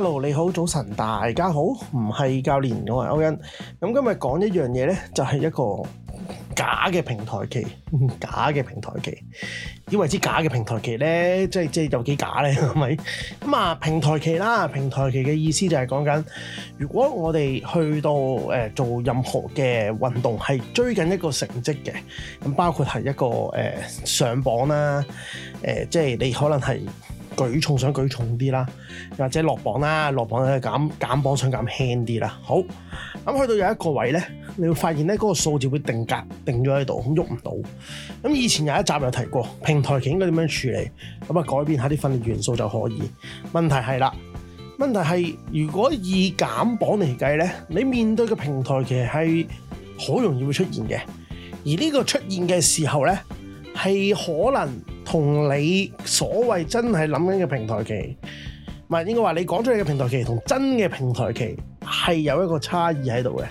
Hello，你好，早晨，大家好，唔係教練我係，歐恩。咁今日講一樣嘢咧，就係、是、一個假嘅平台期，假嘅平台期，以為之假嘅平台期咧？即係即係有幾假咧？係咪？咁啊，平台期啦，平台期嘅意思就係講緊，如果我哋去到誒、呃、做任何嘅運動，係追緊一個成績嘅，咁包括係一個誒、呃、上榜啦，誒、呃、即係你可能係。舉重想舉重啲啦，或者落磅啦，落磅咧減減磅想減輕啲啦。好，咁去到有一個位呢，你會發現呢嗰個數字會定格，定咗喺度，喐唔到。咁以前有一集有提過，平台期應該點樣處理？咁啊，改變下啲訓練元素就可以。問題係啦，問題係如果以減磅嚟計呢，你面對嘅平台期係好容易會出現嘅，而呢個出現嘅時候呢，係可能。同你所謂真係諗緊嘅平台期，唔係應該話你講出嚟嘅平台期，同真嘅平台期係有一個差異喺度嘅。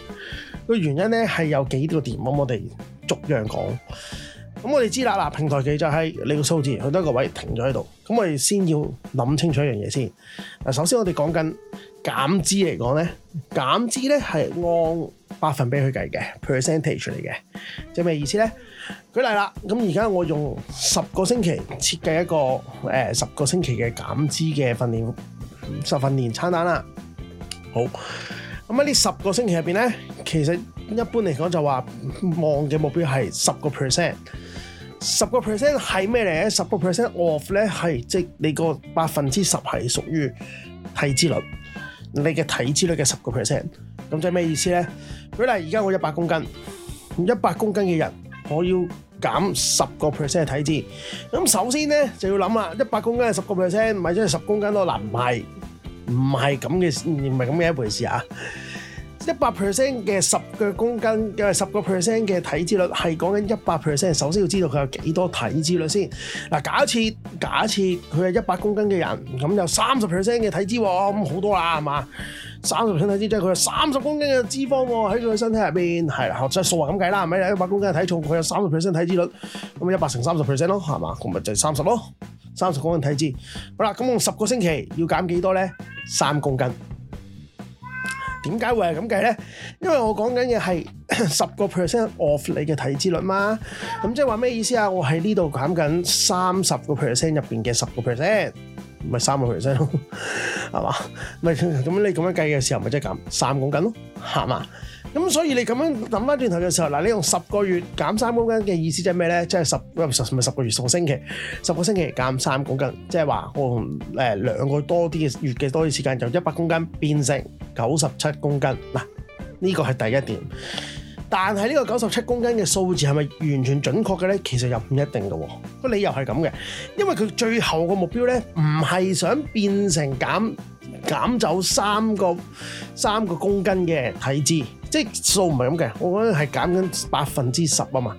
個原因咧係有幾個點，我哋逐樣講。咁我哋知啦嗱，平台期就係你個數字去到一個位停咗喺度。咁我哋先要諗清楚一樣嘢先。嗱，首先我哋講緊。減脂嚟講咧，減脂咧係按百分比去計嘅，percentage 嚟嘅，即係咩意思咧？舉例啦，咁而家我用十個星期設計一個誒、呃、十個星期嘅減脂嘅訓練十訓練餐單啦。好，咁喺呢十個星期入邊咧，其實一般嚟講就話望嘅目標係十個 percent，十個 percent 係咩嚟咧？十個 percent of 咧係即係你個百分之十係屬於體脂率。你嘅體脂率嘅十個 percent，咁即係咩意思咧？舉例，而家我一百公斤，一百公斤嘅人，我要減十個 percent 嘅體脂。咁首先咧就要諗下，一百公斤係十個 percent，咪即係十公斤咯？嗱，唔係，唔係咁嘅，唔係咁嘅一回事啊。一百 percent 嘅十個公斤嘅十個 percent 嘅體脂率係講緊一百 percent，首先要知道佢有幾多體脂率先。嗱，假設假設佢係一百公斤嘅人，咁有三十 percent 嘅體脂喎，咁好多啦，係嘛？三十 percent 體脂即係佢有三十公斤嘅脂肪喎，喺佢身體入邊，係啦，即係數學咁計啦，係咪？一百公斤嘅體重佢有三十 percent 體脂率，咁一百乘三十 percent 咯，係嘛？咁咪就係三十咯，三十公斤體脂。好啦，咁用十個星期要減幾多咧？三公斤。點解會係咁計咧？因為我講緊嘅係十個 percent off 你嘅體脂率嘛。咁即係話咩意思啊？我喺呢度減緊三十個 percent 入邊嘅十個 percent，唔係三個 percent 咯，係嘛？唔係咁你咁樣計嘅時候，咪即係減三公斤咯，係嘛？咁所以你咁樣諗翻轉頭嘅時候，嗱，你用十個月減三公斤嘅意思即係咩咧？即係十唔係十個月，十個星期，十個星期減三公斤，即係話我誒兩個多啲嘅月嘅多啲時間，由一百公斤變成。九十七公斤，嗱，呢個係第一點。但係呢個九十七公斤嘅數字係咪完全準確嘅呢？其實又唔一定嘅。個理由係咁嘅，因為佢最後個目標呢，唔係想變成減減走三個三個公斤嘅體脂，即係數唔係咁嘅。我覺得係減緊百分之十啊嘛。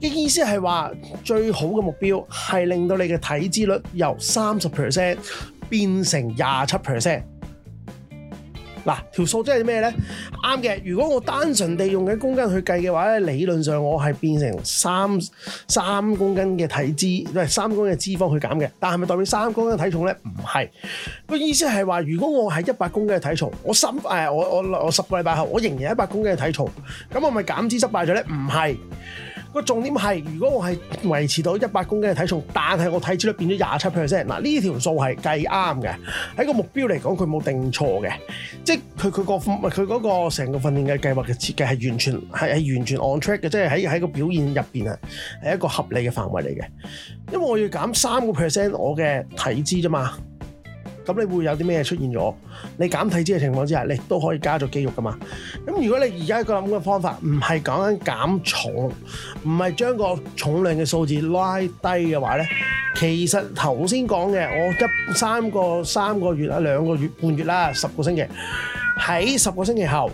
嘅意思係話最好嘅目標係令到你嘅體脂率由三十 percent 變成廿七 percent。嗱，條數即係咩呢？啱嘅。如果我單純地用緊公斤去計嘅話呢，理論上我係變成三三公斤嘅體脂，即係三公斤嘅脂肪去減嘅。但係咪代表三公斤體重呢？唔係。個意思係話，如果我係一百公斤嘅體重，我十誒我我我十個禮拜後，我仍然一百公斤嘅體重，咁我咪減脂失敗咗呢？唔係。個重點係，如果我係維持到一百公斤嘅體重，但係我體脂率變咗廿七 percent，嗱呢條數係計啱嘅，喺個目標嚟講佢冇定錯嘅，即係佢佢個佢嗰個成個訓練嘅計劃嘅設計係完全係係完全 on track 嘅，即係喺喺個表現入邊啊係一個合理嘅範圍嚟嘅，因為我要減三個 percent 我嘅體脂啫嘛。咁你會有啲咩出現咗？你減體脂嘅情況之下，你都可以加咗肌肉噶嘛？咁如果你而家個諗嘅方法唔係講緊減重，唔係將個重量嘅數字拉低嘅話咧，其實頭先講嘅，我一三個三個月啊，兩個月半月啦，十個星期，喺十個星期後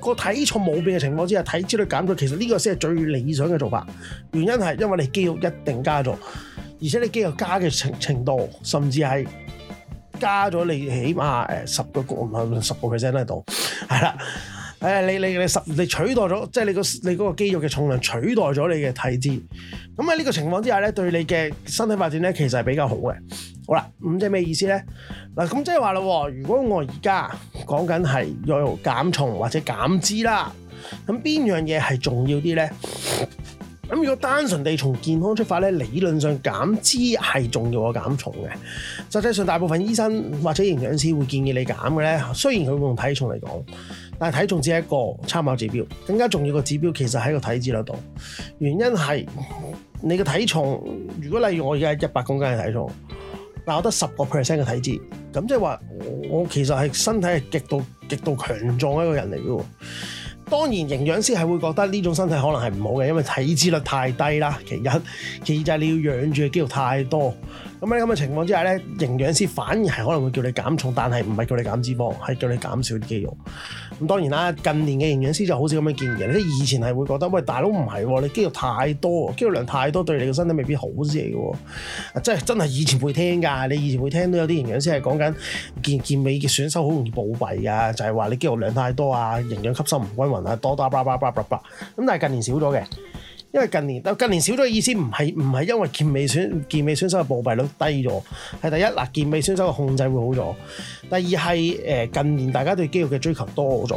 個體重冇變嘅情況之下，體脂率減咗，其實呢個先係最理想嘅做法。原因係因為你肌肉一定加咗，而且你肌肉加嘅程程度，甚至係。加咗你起碼誒十個個，唔係十個 percent 喺度係啦，誒你你你十你取代咗即係你，你個你嗰個肌肉嘅重量取代咗你嘅體脂，咁喺呢個情況之下咧，對你嘅身體發展咧，其實係比較好嘅。好啦，咁即係咩意思咧？嗱，咁即係話咯，如果我而家講緊係要減重或者減脂啦，咁邊樣嘢係重要啲咧？咁如果單純地從健康出發咧，理論上減脂係重要過減重嘅。實際上，大部分醫生或者營養師會建議你減嘅咧。雖然佢會用體重嚟講，但係體重只係一個參考指標。更加重要個指標其實喺個體脂率度。原因係你個體重，如果例如我而家係一百公斤嘅體重，但我得十個 percent 嘅體脂，咁即係話我其實係身體係極度極度強壯一個人嚟嘅喎。當然營養師係會覺得呢種身體可能係唔好嘅，因為體脂率太低啦。其一，其二就係你要養住嘅肌肉太多。咁喺咁嘅情況之下咧，營養師反而係可能會叫你減重，但係唔係叫你減脂肪，係叫你減少啲肌肉。咁當然啦，近年嘅營養師就好少咁嘅建議。你以前係會覺得喂，大佬唔係，你肌肉太多，肌肉量太多對你嘅身體未必好啲嚟喎。真係真係以前會聽㗎，你以前會聽到有啲營養師係講緊健健美嘅選手好容易暴斃㗎，啊，就係、是、話你肌肉量太多啊，營養吸收唔均。多打多叭叭叭叭叭咁，但係近年少咗嘅，因為近年近年少咗嘅意思唔係唔係因為健美選健美選手嘅暴斃率低咗。係第一啦，健美選手嘅控制會好咗，第二係誒近年大家對肌肉嘅追求多咗。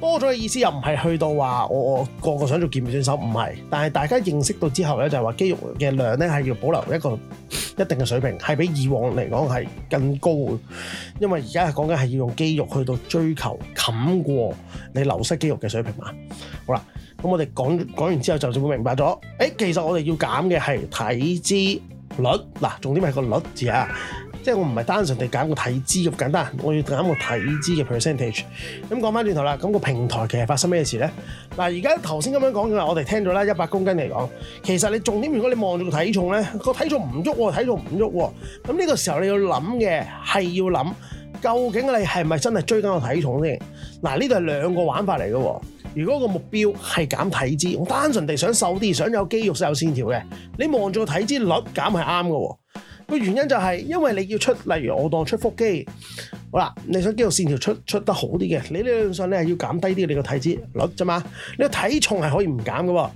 多咗嘅意思又唔係去到話我我個個想做健美選手，唔係，但係大家認識到之後咧，就係話肌肉嘅量咧係要保留一個一定嘅水平，係比以往嚟講係更高嘅，因為而家係講緊係要用肌肉去到追求冚過你流失肌肉嘅水平嘛。好啦，咁我哋講講完之後，就就會明白咗，欸，其實我哋要減嘅係體脂率，嗱，重點係個率字啊。即係我唔係單純地減個體脂咁簡單，我要減個體脂嘅 percentage。咁講翻轉頭啦，咁個平台其實發生咩事咧？嗱，而家頭先咁樣講嘅話，我哋聽到啦，一百公斤嚟講，其實你重點如果你望住個體重咧，個體重唔喐喎，體重唔喐喎。咁呢個時候你要諗嘅係要諗，究竟你係咪真係追緊個體重先？嗱，呢度係兩個玩法嚟嘅喎。如果個目標係減體脂，我單純地想瘦啲，想有肌肉、想有線條嘅，你望住個體脂率減係啱嘅喎。個原因就係，因為你要出，例如我當出腹肌，好啦，你想肌肉線條出出得好啲嘅，你理樣上理論上你係要減低啲你個體脂率啫嘛，你個體重係可以唔減嘅。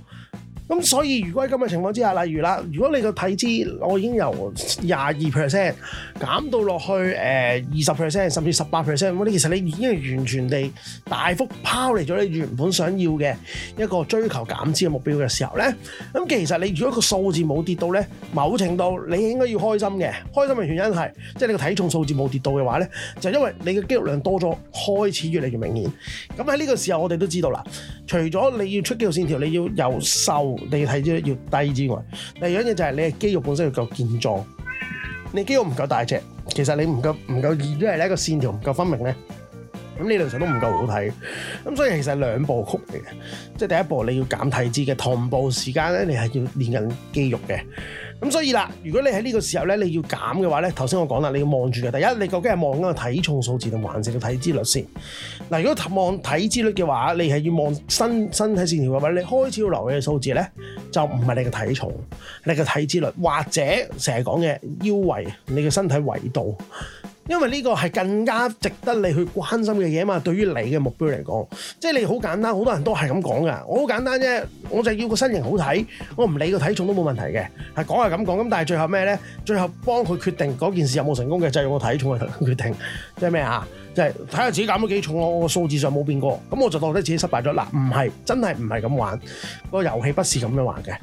咁所以，如果喺咁嘅情況之下，例如啦，如果你個體脂我已經由廿二 percent 減到落去誒二十 percent，甚至十八 percent，咁你其實你已經係完全地大幅拋離咗你原本想要嘅一個追求減脂嘅目標嘅時候咧，咁其實你如果個數字冇跌到咧，某程度你應該要開心嘅。開心嘅原因係，即係你個體重數字冇跌到嘅話咧，就因為你嘅肌肉量多咗，開始越嚟越明顯。咁喺呢個時候，我哋都知道啦，除咗你要出肌肉線條，你要由瘦。你體脂要低之外，第二樣嘢就係你嘅肌肉本身要夠健壯，你肌肉唔夠大隻，其實你唔夠唔夠，因為你個線條唔夠分明咧，咁理論上都唔夠好睇。咁所以其實兩部曲嚟嘅，即係第一步你要減體脂嘅，同步時間咧，你係要練緊肌肉嘅。咁所以啦，如果你喺呢個時候咧，你要減嘅話咧，頭先我講啦，你要望住嘅，第一你究竟係望緊個體重數字定還是個體脂率先？嗱，如果望體脂率嘅話，你係要望身身體線條嘅話，或者你開始要留意嘅數字咧，就唔係你嘅體重，你嘅體脂率，或者成日講嘅腰圍，你嘅身體圍度。因為呢個係更加值得你去關心嘅嘢嘛，對於你嘅目標嚟講，即係你好簡單，好多人都係咁講噶。我好簡單啫，我就要個身形好睇，我唔理個體重都冇問題嘅。係講係咁講，咁但係最後咩呢？最後幫佢決定嗰件事有冇成功嘅，就係用個體重去決定。即係咩啊？即係睇下自己減咗幾重咯，我個數字上冇變過，咁我就覺得自己失敗咗。嗱，唔係真係唔係咁玩，個遊戲不是咁樣玩嘅。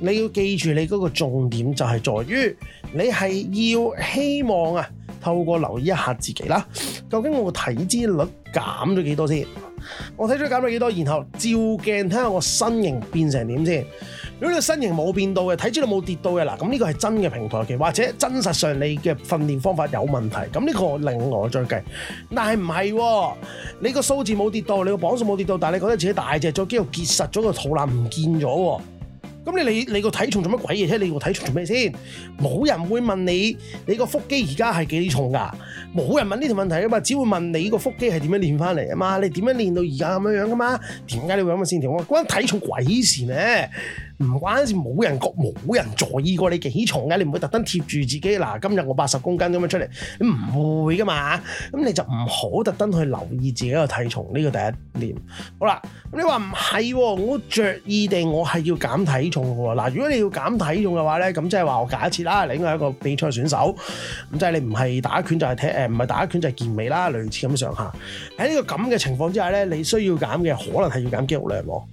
你要記住，你嗰個重點就係在於，你係要希望啊。透過留意一下自己啦，究竟我個體脂率減咗幾多先？我體脂率減咗幾多？然後照鏡睇下我身形變成點先？如果你個身形冇變到嘅，體脂率冇跌到嘅，嗱，咁呢個係真嘅平台期，或者真實上你嘅訓練方法有問題。咁呢個另外我再計。但係唔係？你個數字冇跌到，你個磅數冇跌到，但係你覺得自己大隻，再肌肉結實咗個肚腩唔見咗喎。咁你你你個體重做乜鬼嘢？啫你個體重做咩先？冇人會問你你個腹肌而家係幾重噶？冇人問呢條問題啊嘛，只會問你個腹肌係點樣練翻嚟啊嘛？你點樣練到而家咁樣樣噶嘛？點解你會咁嘅線條？關體重鬼事咩？唔關事，冇人覺冇人在意過你體重嘅，你唔會特登貼住自己。嗱，今日我八十公斤咁樣出嚟，你唔會噶嘛。咁你就唔好特登去留意自己個體重呢、這個第一年。好啦，你話唔係，我着意定我係要減體重喎。嗱，如果你要減體重嘅話咧，咁即係話我假設啦，你應該係一個比賽選手，咁即係你唔係打拳就係、是、踢，誒唔係打拳就係健美啦，類似咁上下。喺呢個咁嘅情況之下咧，你需要減嘅可能係要減肌肉量咯。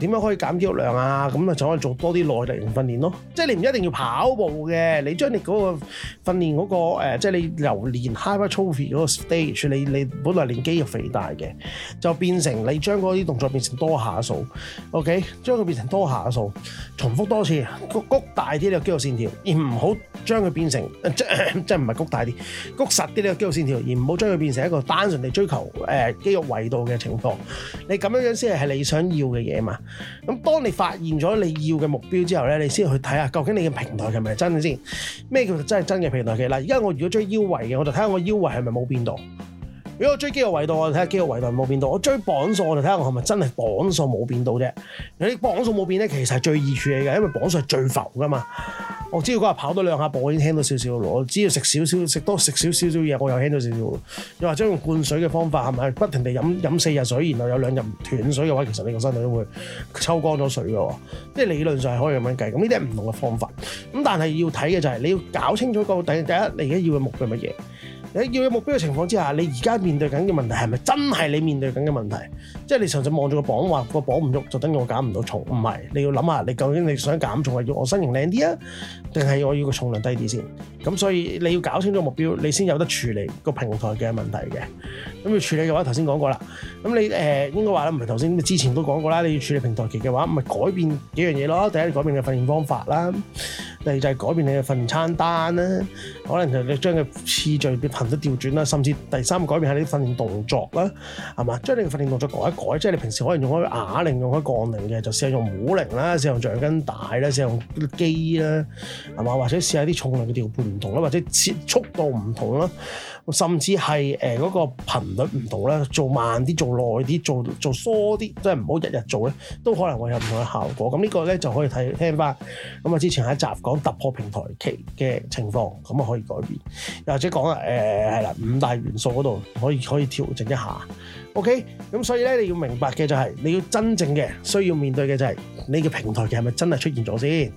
點樣可以減肌肉量啊？咁啊就可以做多啲耐力型訓練咯。即係你唔一定要跑步嘅，你將你嗰個訓練嗰個誒，即係你由練 higher trophy 嗰個 stage，你你本來練肌肉肥大嘅，就變成你將嗰啲動作變成多下數，OK？將佢變成多下數，重複多次，谷谷大啲嘅肌肉線條，而唔好將佢變成即即唔係谷大啲，谷實啲嘅肌肉線條，而唔好將佢變成一個單純地追求誒肌肉維度嘅情況。你咁樣樣先係係你想要嘅嘢嘛？咁當你發現咗你要嘅目標之後咧，你先去睇下究竟你嘅平台係咪真嘅先？咩叫真係真嘅平台？其實，嗱，而家我如果追腰圍嘅，我就睇下我腰圍係咪冇變到；如果我追肌肉圍度，我就睇下肌肉圍度係冇變到；我追磅數，我就睇下我係咪真係磅數冇變到啫。有啲磅數冇變咧，其實係最易處理嘅，因為磅數係最浮噶嘛。我只要嗰日跑多兩下步，我已經輕咗少少咯。我只要食少少，食多食少少少嘢，我又輕咗少少。又話將用灌水嘅方法，係咪不，不停地飲飲四日水，然後有兩日唔斷水嘅話，其實你個身體都會抽乾咗水嘅喎。即係理論上係可以咁樣計。咁呢啲係唔同嘅方法。咁但係要睇嘅就係、係、你要搞清楚個第第一你而家要嘅目標係乜嘢。你要有目標嘅情況之下，你而家面對緊嘅問題係咪真係你面對緊嘅問題？即係你上次望住個磅話個磅唔喐，就等於我減唔到重。唔係你要諗下，你究竟你想減重，或者我身形靚啲啊，定係我要個重量低啲先？咁所以你要搞清楚目標，你先有得處理個平台嘅問題嘅。咁要處理嘅話，頭先講過啦。咁你誒、呃、應該話咧，唔係頭先之前都講過啦。你要處理平台期嘅話，咪改變幾樣嘢咯。第一，你改變嘅訓練方法啦。第二就係、是、改變你嘅訓練餐單啦，可能就你將佢次序變頻率調轉啦，甚至第三改變下你訓練動作啦，係嘛？將你嘅訓練動作改一改，即係你平時可能用開啞鈴用開槓鈴嘅，就試下用冇鈴啦，試用橡筋帶啦，試用啲機啦，係嘛？或者試下啲重量嘅調配唔同啦，或者切速度唔同啦。甚至係誒嗰個頻率唔同咧，做慢啲，做耐啲，做做疏啲，即係唔好日日做咧，都可能會有唔同嘅效果。咁呢個咧就可以睇聽翻。咁啊，之前喺集講突破平台期嘅情況，咁啊可以改變，又或者講啊誒係啦，五大元素嗰度可以可以調整一下。OK，咁所以咧你要明白嘅就係、是、你要真正嘅需要面對嘅就係、是、你嘅平台期係咪真係出現咗先？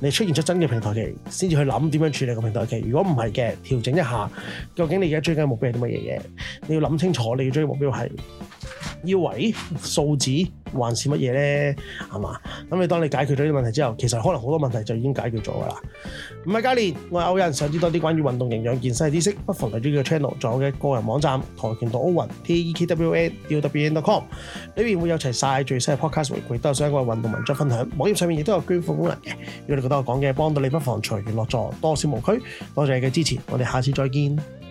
你出現出真嘅平台期先至去諗點樣處理個平台期。如果唔係嘅，調整一下。究竟你而家追緊嘅目標係啲乜嘢嘅？你要諗清楚，你要追嘅目標係腰圍數字，還是乜嘢咧？係嘛？咁你當你解決咗呢啲問題之後，其實可能好多問題就已經解決咗㗎啦。唔係，教練，我係 Owen 想知道啲關於運動營養健身嘅知識，不妨嚟呢個 channel，仲有嘅個，個人網站跆拳道歐雲 t e k w n、D o、w n dot com，裏面會有齊晒最新嘅 podcast，回亦都有相關嘅運動文章分享。網頁上面亦都有捐款功能嘅。如果你覺得我講嘅幫到你，不妨隨緣樂助，多少無拘。多謝你嘅支持，我哋下次再見。